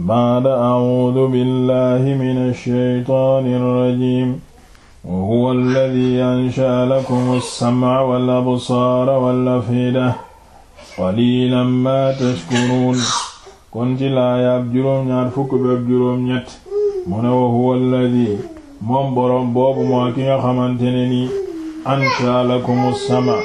ba'da a'uudu billahi mina shaytaani rajiim wa huwa alladhi ansha'a lakum as-sam'a wal absaara wal af'ida qaliilan maa tashkuruun kon ci laayaab juróom-ñaar fukk bi ak juróom-ñett mu ne wa huwa alladhi moom boroom boobu mooy ki nga xamante ne nii ansha'a lakum as-sam'a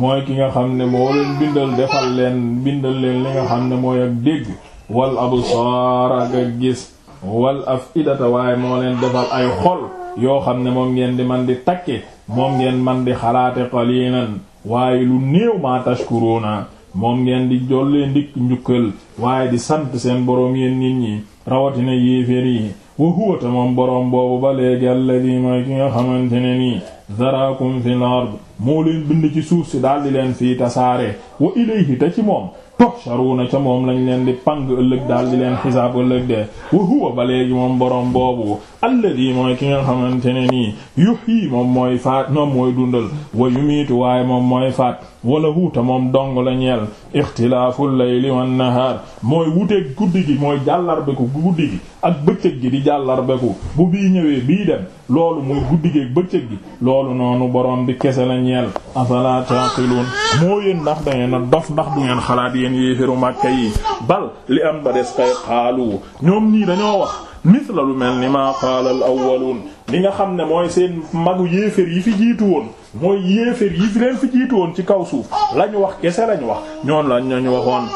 mooy ki nga xam ne moo leen bindal defal leen bindal leen li nga xam ne mooy ak dégg wal absaar ak ak gis wal afidata waaye moo leen defal ay xol yoo xam ne moom ngeen di man di takke moom ngeen man di xalaate qalilan waaye lu néew maa tashkuruna moom ngeen di jollee ndikk njukkal waaye di sant seen boroom yéen nit ñi rawatina yéeféer yi wa huwa ta moom boroom boobu ba léegi alladi mooy ki nga xamante ne nii zaraakum fil ard moo leen bind ci suuf si daldi leen fii tasaare wa ilayhi ta ci moom tuhsharuna ca moom lañ leen di pang ëllëg daal di leen xisaab ëllëg dee wa huwa ba léegi moom boroom boobu alladi mooy ki nga xamante ne nii yuhyi moom mooy faat moom mooy dundal wa yumiitu waaye moom mooy faat wala huuta moom dong la ñeel ixtilaaful layli wan nahaar mooy wuteeg guddi gi mooy jàllarbeku guddi gi ak bëccëg gi di jàllarbeku bu bii ñëwee bii dem loolu mooy guddi gi ak bëccëg gi loolu noonu borom bi kese la ñeel afala taqiluun moo yéen ndax da a dof ndax du ngeen xalaat yéen yéefiru màkka yi bal li am ba des tay xaalu ñoom nii dañoo misla lu mel ni maa qaala awwaluun li nga xam ne mooy seen magu yéeféer yi fi jiitu woon mooy yéeféer yi fi leen fi jiitu woon ci kaw suuf lañu wax kese lañu wax ñoom lañ lañu waxoon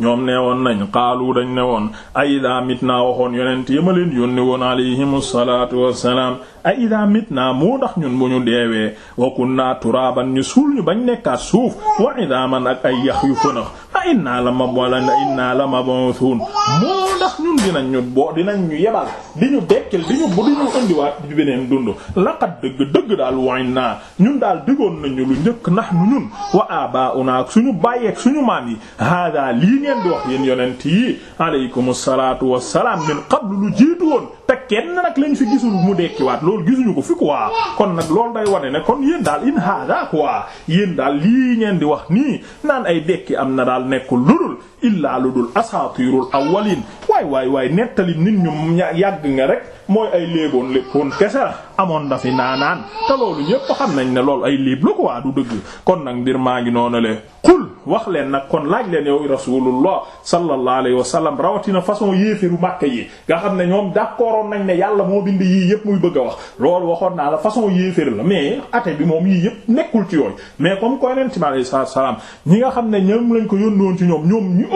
ñoom nee woon nañu qaalu dañ ne woon a ida mitna waxoon yonent yi leen yónni woon alayhimu salaatu wassalaam a ida mitna moo tax ñun bu ñu deewee wa kunna turaaban ñu suul ñu bañ nekkaat suuf wa idaaman ak ay yax yu fënax inna la mab wala inna la mab'uthun moo ndax ñun dinañ ñu boo dinañ ñu yebal di ñu dekkil di ñu bu di ñu indiwaat di beneen dund laqad dëgg dëgg daal wa inna ñun daal digoon nañu lu njëkk ndax nu ñun wa abauna ak suñu bàyyi ak suñu maam yi hada lii ngeen di wax yéen yonent yi aleykum salaatu wassalaam min qablu lu jiitu woon kenn nag lañ fi gisul mu dekkiwaat loolu gisuñu ko fi quoi kon nag loolu day wane ne kon yéen daal in hada quoi yéen daal lii ngeen di wax nii naan ay dekki am na daal nekkul dul illaa ludul asatirul awwalin waay waay waay nettali nit ñu yàgg nga rek. mooy ay léeboon léppoon kese amoon na fi naanaan te loolu ñépp xam nañ ne loolu ay léeb la ko waa du dëgg kon nag mbir maa ngi noonu le xul wax leen nag kon laaj leen yow rasulullah sallallahu alayhi wa sallam rawatina façon yéeféru Makka yi nga xam ne ñoom d'accordoon nañ ne yàlla moo bind yii yépp muy bëgg a wax loolu waxoon naa la façon yéefér la mais ate bi moom yii yépp nekkul ci yooyu mais comme koy neen ci alayhi salaam ñi nga xam ne ñoom lañ ko yónnoon ci ñoom ñoom ñu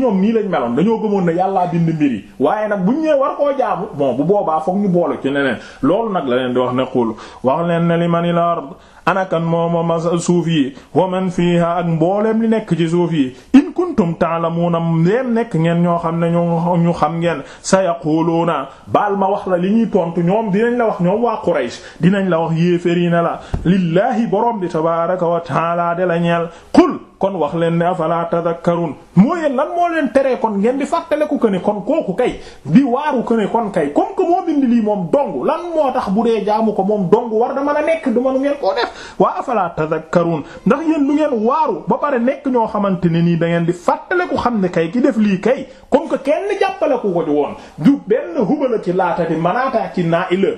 ñoom nii lañ meloon dañoo gëmoon ne yàllaa bind mbir yi boobaa foog ñu boole ci leneen loolu nag la leen di wax ne qul wax leen ne li manil ard anakan moom suuf yi wa man fiha ak mbooleem li nekk ci suuf yi in kuntum ta'lamuna leem nekk ngeen ñoo xam ne ñu xam ngeen sayaquluna baal ma wax la li ñuy tontu ñoom dinañ la wax ñoom waa Quraysh dinañ la wax yéeféri na la lillahi borom bi tabaaraka wa ta'ala de la ñeel qul kon wax leen ne afala tadakkarun moo yéen lan moo leen teree kon ngeen di fàttaleku ko ne kon kooku kay di waaru ko kon kay comme que bind lii moom dong lan moo tax bu dee jaamu ko moom dong war da mën nekk du mënu ngeen koo def waa ndax yéen du ngeen waaru ba pare nekk ñoo xamante ne nii da ngeen di fàttaleku xam ne kay ki def lii kay comme que kenn jàppaleku ko ci woon du benn ci laata di manaata ci naa ila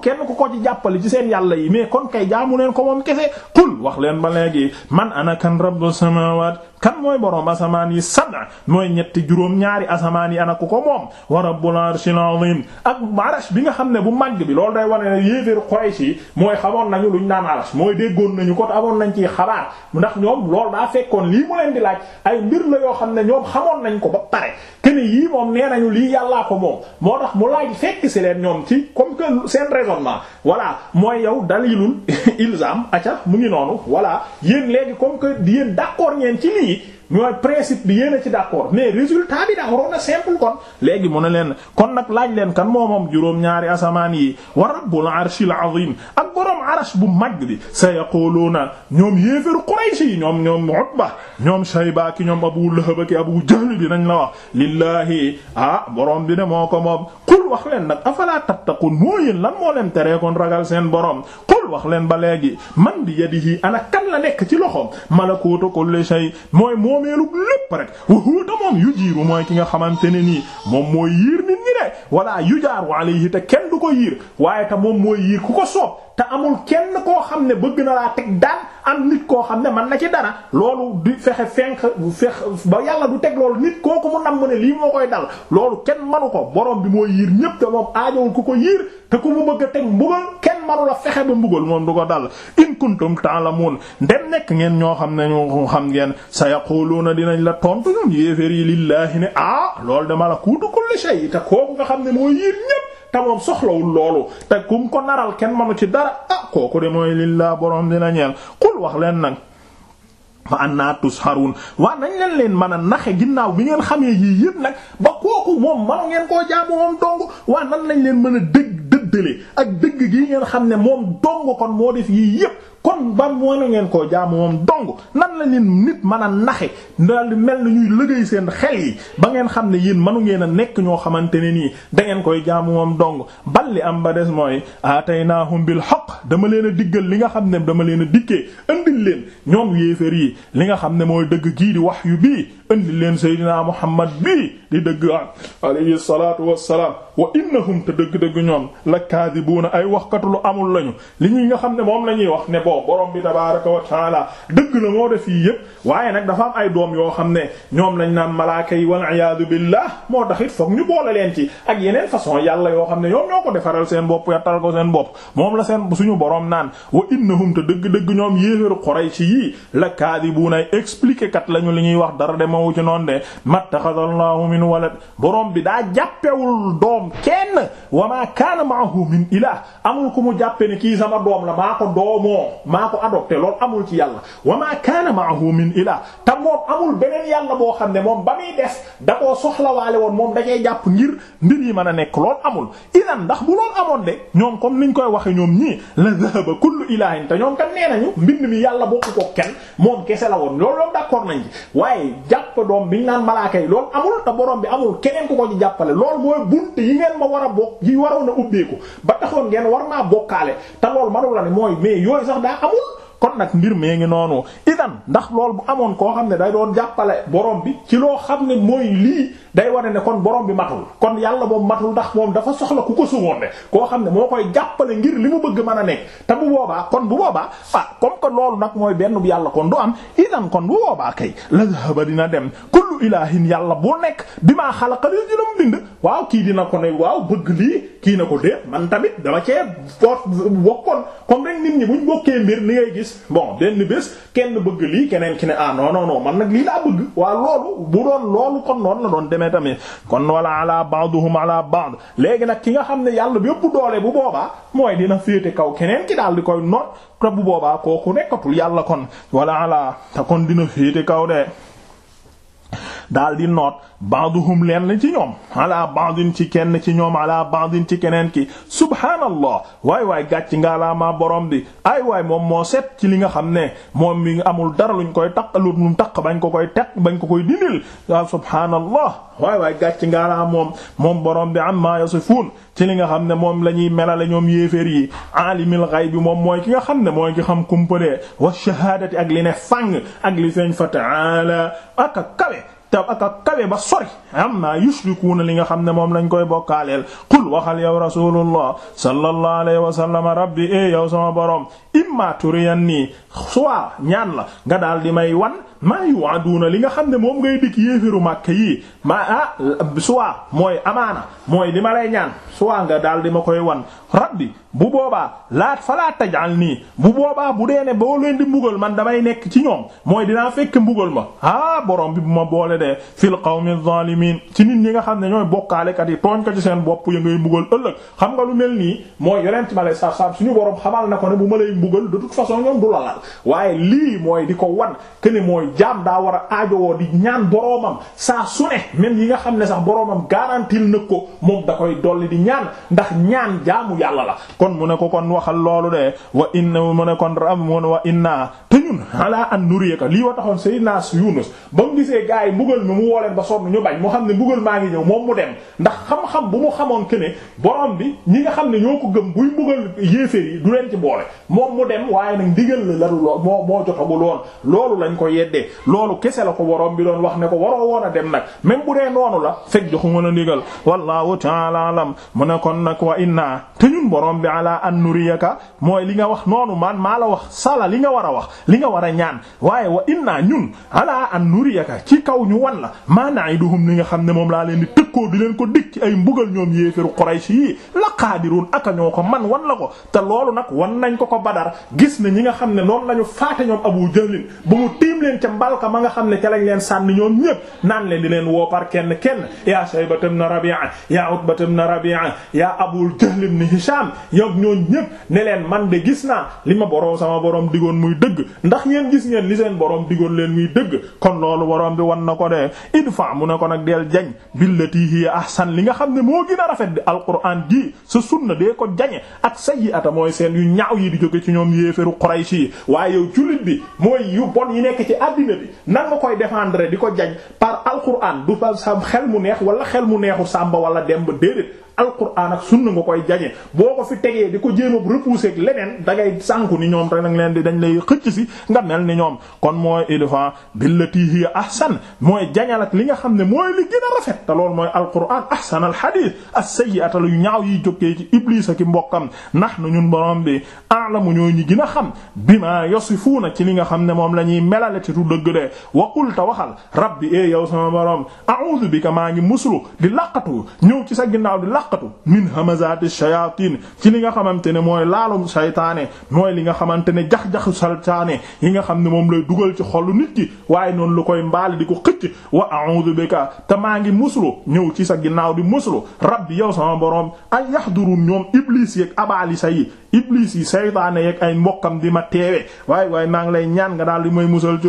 kenn ku ko ci jàppale ci seen yàlla yi mais kon kay jaamu leen ko moom kese qul wax leen ba léegi man ana kan rabbu samaawaat kan mooy boroom asamaan yi sab'a mooy ñetti juróom-ñaari asamaan yi ana ku ko moom wa rabbul arshil azim ak arash bi nga xam ne bu màgg bi loolu day wane ne yéeféer Quraysh yi mooy xamoon nañu luñ naan arash mooy déggoon ko amoon nañ ciy xabaar ndax ñoom loolu daa fekkoon lii mu leen di laaj ay la yoo xam ne ñoom xamoon nañ ko ba pare kene yii moom nee nañu lii yàllaa ko moom moo tax mu laaj fekk si leen ñoom ci comme que seen raisonnement voilà mooy yow dalilul ilzam aca mu ngi noonu voilà yéen léegi comme que yéen d'accord ngeen ci lii ñooy principe bi yéen a ci d'accord mais résultat bi daa léegi mu ne leen kon nag laaj leen kan moo moom juróom-ñaari asamaan yi wa rabbul arshil azim ak borom arash bu mag bi sa yaquluuna ñoom yéeféru Quraysh yi ñoom ñoom Utba ñoom Shayba ki ñoom Abu Lahab ki Abu Jahl bi nañ la wax lillahi ah borom bi ne moo ko moom qul wax leen nag afala tattaqun moo yéen lan moo leen teree kon ragal seen borom qul wax leen ba léegi man bi yadihi ana kan la nekk ci loxoom malakuutu kulli shay mooy moomeelu lépp rek wa huwa moom yujiiru mooy ki nga xamante ne nii moom mooy yiir nit ñi de wala yujaaru alayhi te kenn du ko yiir waaye te moom mooy yiir ku ko soob te amul kenn koo xam ne bëgg na laa teg daan am nit koo xam ne man na ci dara loolu di fexe fenk fex ba yàlla du teg loolu nit kooku mu nam mu ne lii moo koy dal loolu kenn manu ko borom bi mooy yiir ñépp te moom aajowul ku ko yiir te ku mu bëgg teg mbugal kenn manu la fexe ba mbugal moom du ko dal in kuntum ta'lamun dem nekk ngeen ñoo xam ne ñoo xam ngeen sa sayaquluna dinañ la tontu ñoom yéefér yi lillahi ne ah loolu dama la kuutu kulli shay te kooku nga xam ne mooy yiir ñépp te moom soxlawul loolu te kum ko naral kenn manu ci dara ah kooku de mooy lillaa borom dina ñeel qul wax leen nag fa anna tusharun waa nañ leen leen mën a naxe ginnaaw bi ngeen xamee yii yëpp nag ba kooku moom manu ngeen koo jaamu moom dong waa nan lañ leen mën a dégg séddalee ak dëgg gi ngeen xam ne moom dong kon moo def yii yépp kon ba mën ngeen koo jaamu moom dong nan la leen nit mën a naxe daal di mel na ñuy liggéey seen xel yi ba ngeen xam ne yéen mënu ngeen a nekk ñoo xamante ne nii da ngeen koy jaamu moom dong bal li am ba des mooy ataynahum bil haqq dama leen a diggal li nga xam ne dama leen a dikkee andil leen ñoom yéefér yi li nga xam ne mooy dëgg gii di wax yu bii indi leen seydinaa muhammad bii di dëgg alayhi salaatu wassalaam wa innahum te dëgg-dëgg ñoom la kaadibuuna ay waxkatu lu amul lañu li ñuy nga xam ne moom la ñuy wax ne boo borom bi tabaaraka wa dëgg la moo def yii yépp waaye nag dafa am ay doom yoo xam ne ñoom lañ naan malaaka yi wal iyaadu billah moo taxit fokk ñu boole leen ci ak yeneen façon yàlla yoo xam ne ñoom ñoo ko defaral seen bopp yàttal ko seen bopp moom la seen suñu borom naan wa innahum te dëgg-dëgg ñoom yéeféru Quraysh yii la kaadibuuna kat lañu ñuy wax dara wu ci noonu de mattaxadallahu min walad borom bi daa jàppewul doom kenn wa maa kaana maahu min ilah amul ku mu jàppe ne kii sama doom la maa ko doomoo maa ko adopté loolu amul ci yàlla wa maa kaana maahu min ilah te moom amul beneen yàlla boo xam ne moom ba muy des da koo soxlawaale woon moom dajee jàpp ngir mbir yi mën a nekk loolu amul idan ndax mu loolu amoon de ñoom comme niñ koy waxe ñoom ñii la dhahaba kullu ilahin te ñoom kat nee nañu mbind mi yàlla bokku ko kenn moom kese ko doom bi ñu naan malaaka yi loolu amul te borom bi amul keneen ku ko jàppale loolu mooy bunt yi ngeen ma war a bokk yi waroon a ubbeeku ba taxoon ngeen war naa bokkaale te loolu manula ne mooy mais yooyu sax daa amul kon nag mbir mee ngi noonu idan ndax loolu bu amoon koo xam ne day doon jàppale borom bi ci loo xam ne mooy lii day wane ne kon borom bi matul kon yàlla moom matul ndax moom dafa soxla ku ko suwoon ne koo xam ne moo koy jàppale ngir li mu bëgg mën a nekk te bu boobaa kon bu boobaa fa ah comme que loolu nag mooy benn bu yàlla kon du am idan kon bu boobaa kay la dina dem kullu ilahin yàlla bu nekk bi maa xalaqa li dina bind waaw kii dina ko waaw bëgg lii kii na ko déet man tamit dama cee bokkoon comme bés bon benn bés kenn bëgg lii keneen ki ne ah non non man nag lii laa bëgg waa loolu bu doon loolu kon noonu la doon demee tamit kon wala ala ba'duhum ala ba'd léegi nag ki nga xam ne yàlla bépp doole bu boobaa mooy dina féete kaw keneen ki daal di koy noot te bu boobaa kooku nekkatul yàlla kon wala ala te kon dina féete kaw de. daal di noot ba'duhum lenn ci ñoom ala ba'din ci kenn ci ñoom ala ba'din ci keneen ki subhaanallah waay waay gàcc nga laa ma borom bi ay waay moom moo set ci li nga xam ne moom mi amul dara luñ koy taq lu mu taq bañ ko koy taq bañ ko koy dindil waaw subhaanallah waay waay gàcc ngaalaa moom moom borom bi amma yasifuun ci li nga xam ne moom la ñuy melale ñoom yéeféer yi aalimil gaybi moom mooy ki nga xam ne mooy ki xam kumpadee wa shahaadati ak li ne fàng ak li feeñ fa ta'ala ak kawe te ak a kawe ba sori amma yushrikuuna li nga xam ne moom lañ koy bokkaaleel qul waxal yow rasulullah sallallahu alayhi wa sallam rabbi e yow sama borom imma turiyanni soit la nga daal di may wan maa yu'aduna li nga xam ne moom ngay dikk yéeféru màkk yii maa ah mooy amaana mooy li ma lay ñaan soit nga daal di ma koy wan rabbi bu boobaa laat falaa tajal nii bu boobaa bu dee ne boo leen di mbugal man damay nekk ci ñoom mooy dinaa fekk mbugal ma ah borom bi bu ma boole dee fil qawmi zalimin ci nit ñi nga xam ne ñooy bokkaalekat yi tooñ ko ci seen bopp ya ngay mbugal ëllëg xam nga lu mel nii mooy yonent ma lay sa sa suñu borom xamal na ko ne bu ma lay la waaye lii mooy di ko wan que ne mooy jaam daa war a aajowoo di ñaan boroomam saa su ne même yi nga xam ne sax boroomam garantil na ko moom da koy dolli di ñaan ndax ñaan jaamu yàlla la kon mu ne ko kon waxal loolu de wa inna mu ne kon rab mu ne wa inna te ñun ala an nuriyaka lii wa taxoon sayyidina Yunus ba mu gisee gaa yi mbugal mi mu wooleen ba sonn ñu bañ mu xam ne mbugal maa ngi ñëw moom mu dem ndax xam-xam bu mu xamoon ke ne borom bi ñi nga xam ne ñoo ko gëm buy mbugal yéeféer du leen ci boole moom mu dem waaye nag ndigal la laru lool moo moo jotagul loolu lañ ko yedde dee loolu kese la ko waroon bi doon wax ne ko waroo woon a dem nag même bu dee noonu la fekk joxuma la ndigal wallahu a alam mu ne kon nag wa inna te ñun borom bi ala an nuriyaka mooy li nga wax noonu man maa la wax sala li nga war a wax li nga war ñaan waaye wa inna ñun ala an nuriyaka ci kaw ñu wan la maa na'iduhum li nga xam ne moom laa leen di tëkkoo bi leen ko dik ci ay mbugal ñoom yéefiru Quraysh yi la qadirun aka ñoo ko man wan la ko te loolu nag wan ca mbalka ma nga xam ne ca lañ leen sànni ñoom ñépp naan leen di leen woo par kenn kenn yaa Shaybata ibn Rabi'a yaa Utbata ibn Rabi'a yaa Abul Jahl ibn Hisham yow ñoom ñépp ne leen man de gis naa li ma boroom sama boroom digoon muy dëgg ndax yéen gis ngeen li seen boroom digoon leen muy dëgg kon loolu boroom bi wan na ko de idfa mu ne ko nag deel jañ billati hiya ahsan li nga xam ne moo gën a rafet di alquran ji sa sunna dee ko jañe ak sayyi'ata mooy seen yu ñaaw yi di jóge ci ñoom yéeferu Quraysh yi àddina bi nan nga koy défendre di ko jaj par alquran du fa sa xel mu neex wala xel mu neexu sàmba wala dem ba déedéet alquran ak sunna nga koy jañee boo ko fi tegee di ko jéem a repousser ak leneen da ngay sànku ni ñoom rek nag leen di dañ lay xëcc si nga mel ni ñoom kon mooy éléphant billati hiya ahsan mooy jañal ak li nga xam ne mooy li gën a rafet te loolu mooy alquran ahsan al hadith as-sayyi'ata yu ñaaw yi jógee ci iblis ak i mbokkam nahnu ñun borom bi a'lamu a dëgg de wa qul ta waxal rabbi ee eh yow sama borom a'udhu bika maa ngi muslu di laqatu ñëw ci sa ginnaaw di laqatu min hamazati shayatin ci li nga xamante ne mooy laalum saytaane mooy li nga xamante ne jax-jaxu jax saane yi nga xam ne moom lay dugal ci xolu nit ki waaye noonu lu koy mbaali di ko xëcc wa a'udhu bika te maa ngi muslu ñëw ci sa ginnaaw di muslu rabbi yow sama borom ay yahdurun ñoom iblis yeeg abalisa yi iblis yi saytaane yeeg ay mbokkam di ma teewe waay waay maa ngi lay ñaan nga daal di may musal ci